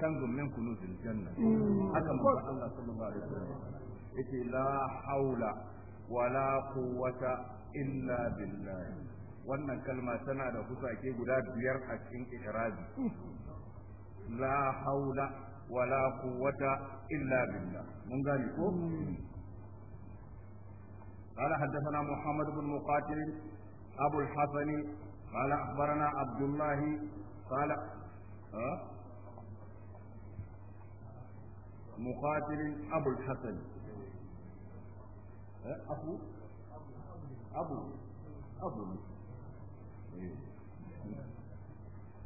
kanzu min kunu janna hmm. haka mun Allah sallallahu alaihi wasallam yace la haula wala quwwata illa billah wannan kalma tana da kusake guda biyar a cikin ihrazi la haula wala quwwata illa billah mun gani ko قال حدثنا محمد بن مقاتل أبو الحسن قال أخبرنا عبد الله قال أه؟ مقاتل أبو الحسن أبو أبو أبو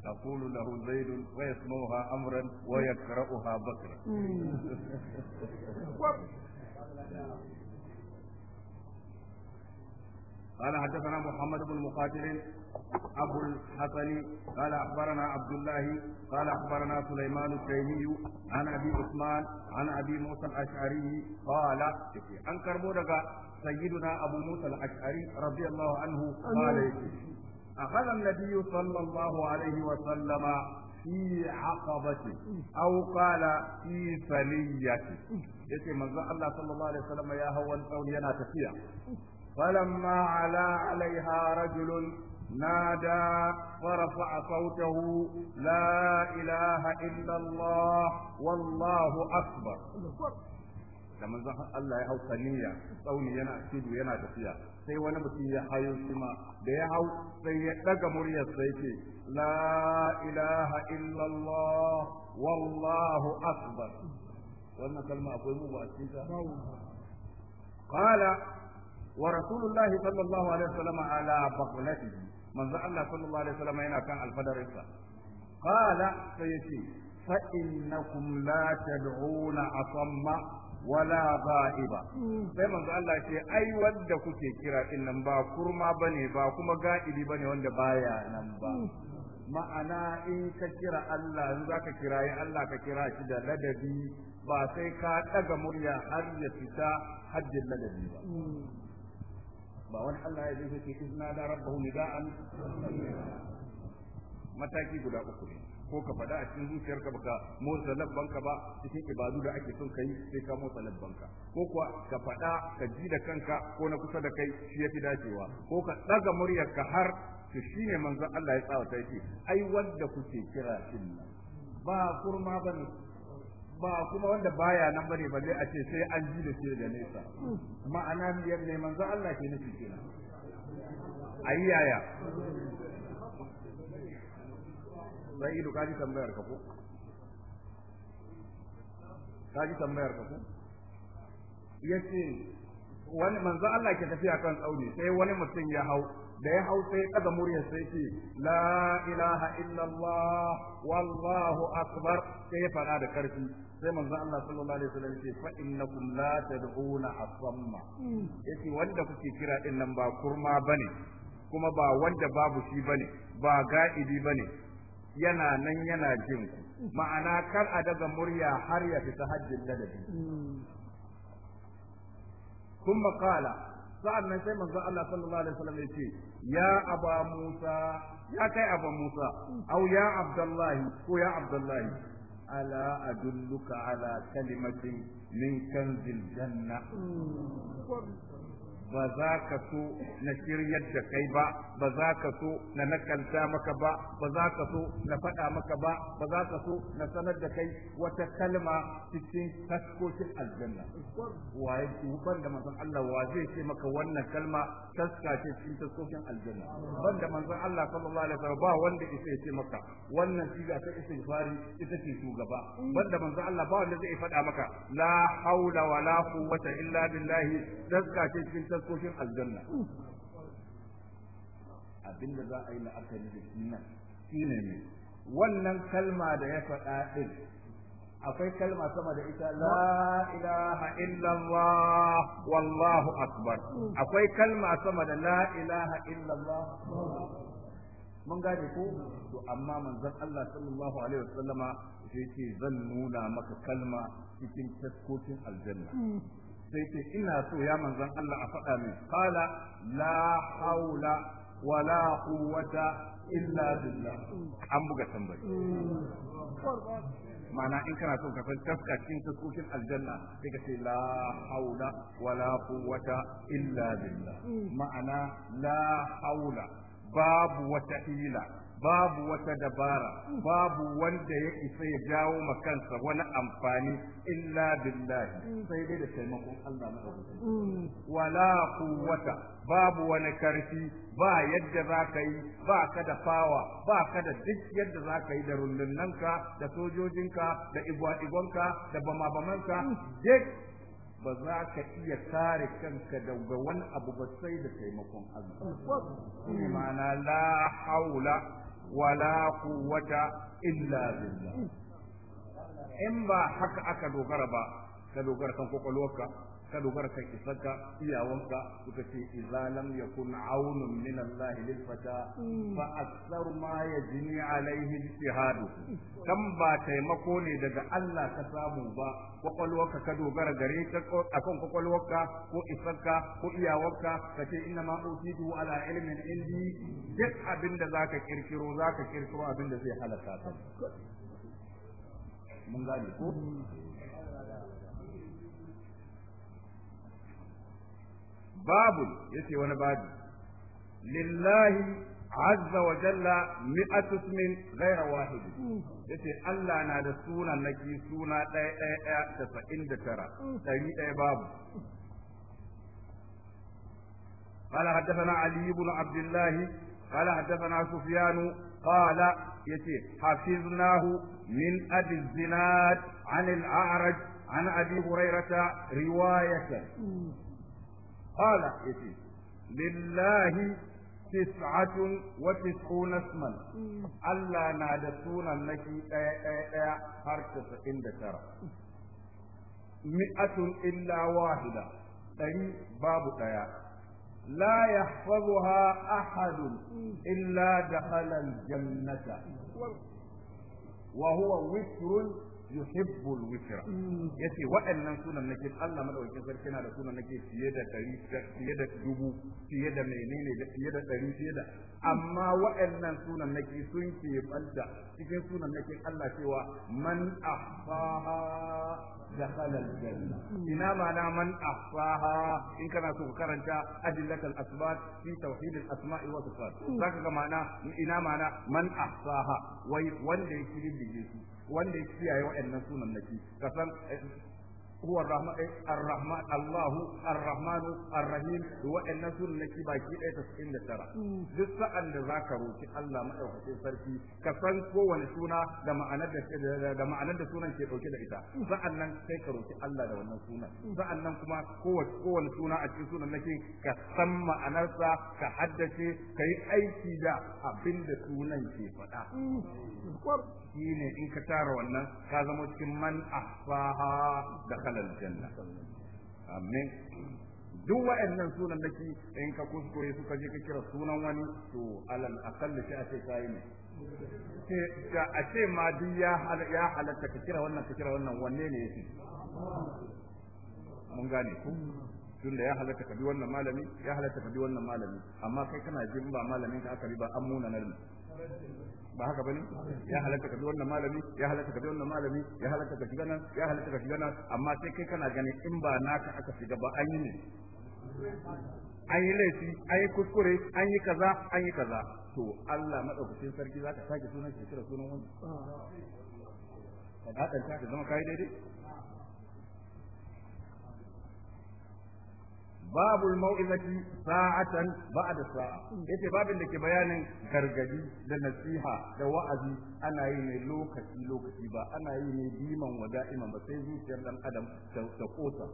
تقول له زيد ويسمعها أمرا ويقرأها بكرا قال حدثنا محمد بن مقاتل أبو الحسن قال أخبرنا عبد الله قال أخبرنا سليمان التيمي عن أبي عثمان عن أبي موسى الأشعري قال عن كربودك سيدنا أبو موسى الأشعري رضي الله عنه قال أخذ النبي صلى الله عليه وسلم في عقبته أو قال في فليته يتي منزل الله صلى الله عليه وسلم يا هو الثوري أنا تفيا فلما علا عليها رجل نادى ورفع صوته لا إله إلا الله والله أكبر da manzon Allah ya hau saniya tsauni yana tafiya sai wani mutum ya hayo da ya hau sai ya daga muryar sai ce ba wa rasulullahi sallallahu alaihi wasallam ala baqlatihi manzo Allah sallallahu alaihi wasallam yana kan alfadarinsa qala sai yace fa innakum la tad'una asamma wala ga'iba sai manzo Allah ce ai wanda kuke kira nan ba kurma bane ba kuma ga'ibi bane wanda baya nan ba ma'ana in ka kira Allah in zaka kirayi Allah ka kira shi da ladabi ba sai ka ɗaga murya har ya fita haddin ladabi ba ba wani Allah ya zai ce in da rabbahu nida'an mataki guda uku ne ko ka faɗa a cikin zuciyarka baka motsa labbanka ba cikin ibadu da ake son kai sai ka motsa labbanka ko kuwa ka faɗa ka ji da kanka ko na kusa da kai shi yafi dacewa ko ka ɗaga muryarka har to shine manzon Allah ya tsawata yake ai wanda kuke kira shin ba kurma bane ba kuma wanda baya nan bane balle a ce sai an ji da shi da nesa ma'ana biyar ne manzo Allah ke nufi kenan ayyaya yaya sai ido ji tambayar ka ko ji tambayar ka ko yace wani manzo Allah ke tafiya kan tsauni sai wani mutum ya hau da ya hau sai daga murya sai ce la ilaha illallah wallahu akbar sai ya fara da karfi sai manzo Allah sallallahu alaihi wasallam ce fa innakum la tad'una asamma yace wanda kuke kira din nan ba kurma bane kuma ba wanda babu shi bane ba ga'ibi bane yana nan yana jin ku ma'ana kar a daga murya har ya fita hajjin ladabi ثم hmm. قال sa'an nan sai manzo Allah sallallahu alaihi wasallam ya ce ya aba Musa ya kai aba Musa au ya Abdullahi ko ya Abdullahi ala adulluka ala kalimatin min kanzil janna hmm. ba za ka so na shiryar da kai ba ba za ka so na nakalta maka ba ba za ka so na faɗa maka ba ba za ka so na sanar da kai wata kalma cikin taskokin aljanna waye ban da manzon Allah wa zai ce maka wannan kalma taska ce cikin taskokin aljanna ban da manzon Allah sallallahu alaihi wasallam ba wanda yake ce maka wannan siga ta istighfari ita ce shugaba ban da manzon Allah ba wanda zai faɗa maka la haula wa wala quwwata illa billahi taska ce cikin taskokin aljanna abinda za a yi la'akari da shi nan shine ne wannan kalma da ya faɗa din akwai kalma sama da ita la ilaha illallah wallahu akbar akwai kalma sama da la ilaha illallah mun gane ko to amma manzon Allah sallallahu alaihi wasallama sai ce zan nuna maka kalma cikin taskokin aljanna sai ce ina so ya manzon Allah a faɗa min qala la haula wala quwwata illa billah an buga tambayi. ma'ana in kana son ka san taska cikin taskokin aljanna sai ka ce la haula wala quwwata illa billah ma'ana la haula babu wata ila. babu wata dabara babu wanda ya isa ya jawo makansa wani amfani illa billahi sai dai da taimakon Allah mm. wala quwwata babu wani karfi ba yadda za yi ba ka da fawa ba ka da duk yadda za yi da rullunanka da sojojinka da igwa-igwanka da bama-bamanka mm. duk ba za ka iya kare kanka daga wani abu ba sai da taimakon Allah. Mm. Ma'ana la haula wala quwwata illa billah in ba haka aka dogara ba ka dogara kan kokolwarka ka dogara kan isarka iyawanka suka ce idza lam yakun aunun min Allah lil fata hmm. fa aktsar ma yajni alaihi ijtihadu kan ba taimako ne daga Allah ka samu ba kwakwalwarka ka dogara gare ka akan kwakwalwarka ko isarka ko iyawanka ka ce inna ma utitu ala ilmin indi duk abin da zaka kirkiro zaka kirkiro abin da zai halaka ka mun gane ko hmm. باب يتي وانا باب لله عز وجل مئة اسم غير واحد يتي ألا نادى سونا نكي سونا اي اي اي تسعين دكرا تاني اي باب قال حدثنا علي بن عبد الله قال حدثنا سفيان قال يتي حفظناه من ابي الزناد عن الاعرج عن ابي هريره روايه qala yace lillahi tis'atun wa tis'una isman Allah na da sunan naki daya daya daya har 99 mi'atun illa wahida ɗari babu ɗaya. la yahfazuha ahadun illa dakhala al-jannata wa huwa witrun yuhibbul witra mm. yace waɗannan sunan nake Allah madaukakin sarki na da sunan nake fiye da dari fiye da dubu fiye da menene da fiye da dari fiye da amma waɗannan sunan nake sun ke banta cikin sunan nake Allah cewa man ahsaha دخل الجنة إنما لا من أحصاها إن كان سكرا أدلة الأثبات في توحيد الأسماء والصفات ذاك معنى إنما لا من أحصاها وين وين wanda ya kiyaye waɗannan sunan naki kasan huwa ar-rahman Allahu ar-rahmanu ar-rahim wa'annan sunan ki baki ɗaya tasirin da tara duk sa'an da zaka roki Allah madaukakin sarki ka san kowane suna da ma'anar da sunan ke dauke da ita sa'annan kai ka roki Allah da wannan sunan sa'annan kuma kowace kowane suna a cikin sunan nake ka san ma'anarsa ka haddace ka yi aiki da abinda da sunan ke faɗa shine in ka tara wannan ka zama cikin man ahfaha da ahlal janna amin duk wa'annan sunan ke in ka kuskure ka je ka kira sunan wani to alal aqall shi a ce kai ne ce a ce ma duk ya halatta ka kira wannan ka kira wannan wanne ne yake mun gane ku da ya halatta ka bi wannan malami ya halatta ka bi wannan malami amma kai kana jin ba malamin ka aka ba an muna nan ba haka bane ya halatta ka bi wannan malami ya halatta ka bi wannan malami ya halatta ka shiga nan ya halatta ka shiga nan amma sai kai kana gani in ba naka aka shiga ba an yi ne an yi laifi an yi kuskure an yi kaza an yi kaza to Allah madaukakin sarki zaka sake sunan shi kira sunan wani ka dadanta ka zama kai daidai babu mau'izati sa'atan ba'da sa'a yace babin da ke bayanin gargadi da nasiha da wa'azi ana yi ne lokaci lokaci ba ana yi ne diman wa ba sai zuciyar dan adam ta kosa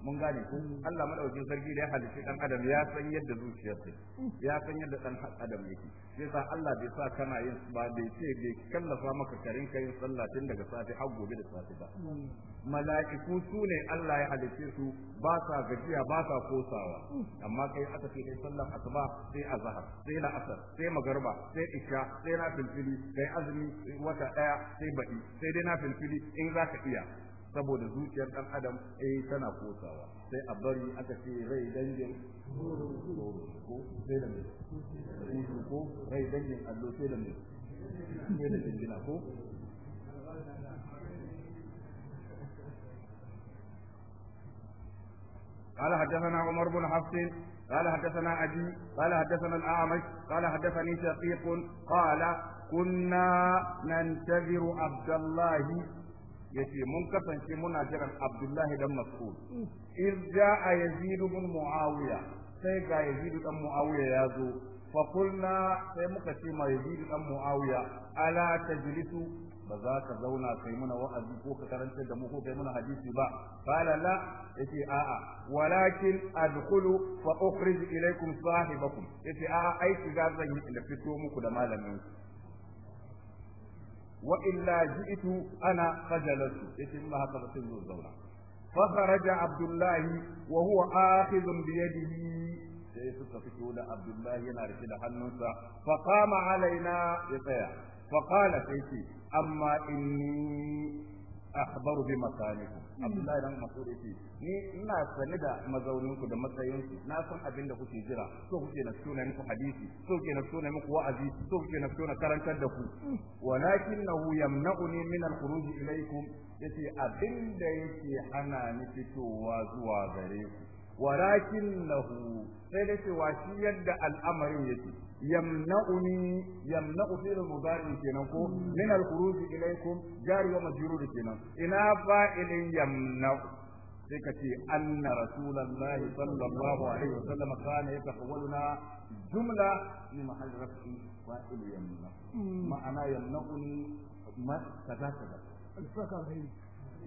mun gane ko Allah madaukakin sarki da ya halice dan adam ya san yadda zuciyar sa ya san yadda dan adam yake sai sa Allah bai sa kana yin ba bai ce bai kallafa maka karin kai sallah tun daga safi har gobe da safi ba mala'iku su ne Allah ya halice su ba sa gajiya ba sa kosawa amma kai aka ce kai sallar asuba sai azhar sai asar sai magarba sai isha sai na filfili kai azumi wata daya sai badi sai dai na filfili in ka iya saboda zuciyar dan adam eh tana kosawa sai a bari aka ce rai dangin ko sai da mai ko rai dangin allo sai da ko قال حدثنا عمر بن حفص قال حدثنا أبي قال حدثنا الأعمش قال حدثني شقيق قال كنا ننتظر عبد الله yace mun kasance muna jiran Abdullahi dan Mas'ud iz jaa Yazid ibn Muawiya sai ga Yazid dan Muawiya ya zo fa kulna sai muka ce ma Yazid dan Muawiya ala ba za ka zauna kai muna wa'azi ko ka karantar da mu ko kai muna hadisi ba qala la yace a'a walakin adkhulu fa ukhrij ilaykum sahibakum yace a'a ai ga zan yi da fito muku da malamin wa illa ji'tu ana fajalatu yace in haka ba sai zo zauna fa kharaja abdullahi wa huwa akhidun bi yadihi sai suka fito da abdullahi yana rike da hannunsa fa qama alaina ya tsaya fa qala sai amma inni akhbaru bi makanikum hmm. Abdullahi dan Mas'ud yace ni ina sane da mazaunin ku da matsayin ku na san abin da kuke jira so kuke na tona muku hadisi so kuke na tona muku wa'azi so kuke na tona karantar da ku hmm. walakinahu yamna'uni min al-khuruj ilaykum yace abin da yake hana ni fitowa zuwa gare ku walakinahu sai da cewa shi yadda al'amarin yake yamna'uni yamna'u fil mudari kenan ko min al khuruj ilaykum jari wa majrur kenan ina ilin yamna'u sai ka ce anna rasulullahi sallallahu alaihi wasallam kana yatahawwaluna jumla min mahall raf'i fa'il yamna'u hmm. ma'ana yamna'uni ma kaza kaza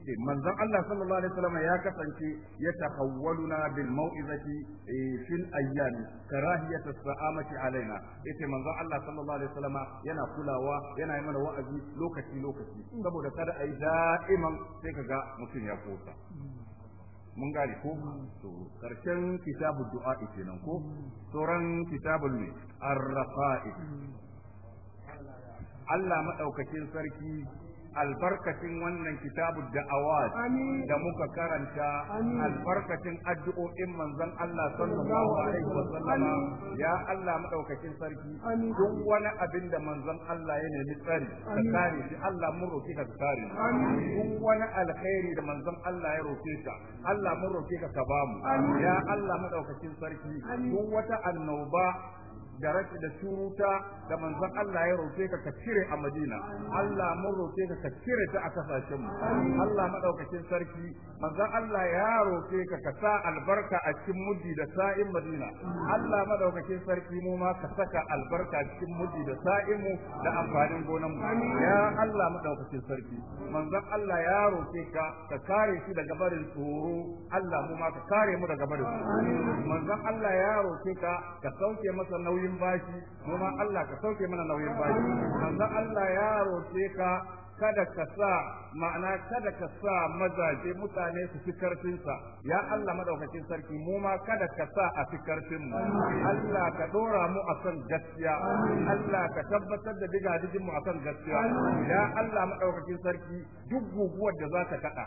ce manzon Allah sallallahu alaihi wasallam ya kasance ya tahawwaluna bil mau'izati eh, fil ayyam karahiyat as-sa'amati alaina yace manzon Allah sallallahu alaihi wasallam yana kulawa yana yi mana wa'azi lokaci lokaci saboda kada ai da'iman sai kaga mutum ya kosa mun gane ko to karshen kitabud du'a kenan ko sauran kitabul ne ar-rafa'id Allah madaukakin sarki albarkacin wannan kitabu da awad da muka karanta albarkacin addu'o'in manzon Allah sallallahu alaihi wasallama ya Allah madaukakin sarki duk wani abin da manzon Allah ya nemi tsari ka kare shi Allah mun roki ka kare duk wani alkhairi da manzon Allah ya roke ka Allah mun roke ka ka bamu ya Allah madaukakin sarki duk wata annoba da rashi da suruta da manzon Allah ya roke ka ka cire a Madina Allah mun roke ka ka cire ta a kasashen mu Allah madaukakin sarki manzon Allah ya roke ka ka sa albarka a cikin muddi da sa'in Madina Allah madaukakin sarki mu ma ka saka albarka a cikin muddi da sa'in mu da amfanin gonan mu ya Allah madaukakin sarki manzon Allah ya roke ka ka kare shi daga barin tsoro Allah mu ma ka kare mu daga barin tsoro manzon Allah ya roke ka ka sauke masa nauyi nauyin bashi kuma Allah ka sauke mana nauyin bashi manzon Allah ya roƙe ka kada ka sa ma'ana kada ka sa mazaje mutane su fi karfinsa ya Allah madaukakin sarki mu ma kada ka sa a fi karfin mu Allah ka dora mu akan gaskiya Allah ka tabbatar da diga mu akan gaskiya ya Allah madaukakin sarki duk guguwar da zaka ta kada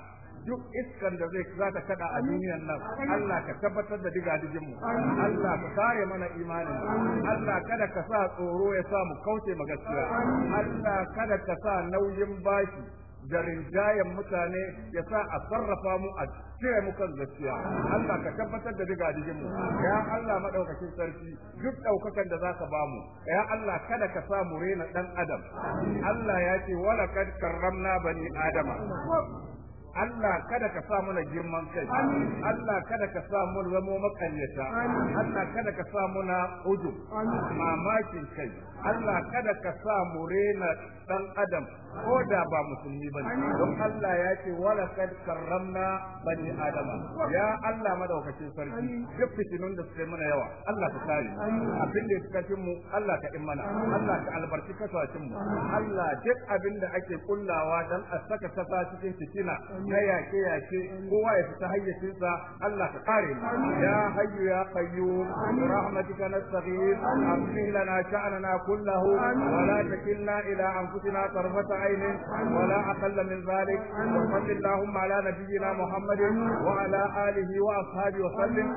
duk iskan da zai za ta kada a duniyan nan Allah ka tabbatar da digadijin mu Allah ka kare mana imanin Allah kada ka sa tsoro ya sa mu kauce ma gaskiya Allah kada ka sa nauyin bashi da rinjayen mutane ya sa a sarrafa mu a cire mu kan gaskiya Allah ka tabbatar da digadijin mu ya Allah madaukakin sarki duk daukakan da zaka ba mu ya Allah kada ka sa mu rena dan adam Allah ya ce wala kad karramna bani adama Allah kada ka sa mana girman kai Allah kada ka sa mu zamo makaryata Allah kada ka sa muna udu mamakin kai Allah kada ka sa mu rena dan adam ko da ba musulmi bane don Allah ya ce wala kad karramna bani adama ya Allah madaukakin sarki duk fitinun da suke mana yawa Allah ka kare abin da suka cin mu Allah ka immana Allah ka albarki kasashen mu Allah duk abin da ake kullawa dan a saka kasa cikin fitina na yake yake kowa ya fita hayyacinsa Allah ka kare mu ya hayyu ya qayyum rahmatika nastaghith Amin. lana sha'nana kullahu wa la takilna ila anfusina أنفسنا طرفة عين ولا أقل من ذلك وصل اللهم على نبينا محمد وعلى آله وأصحابه وسلم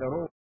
da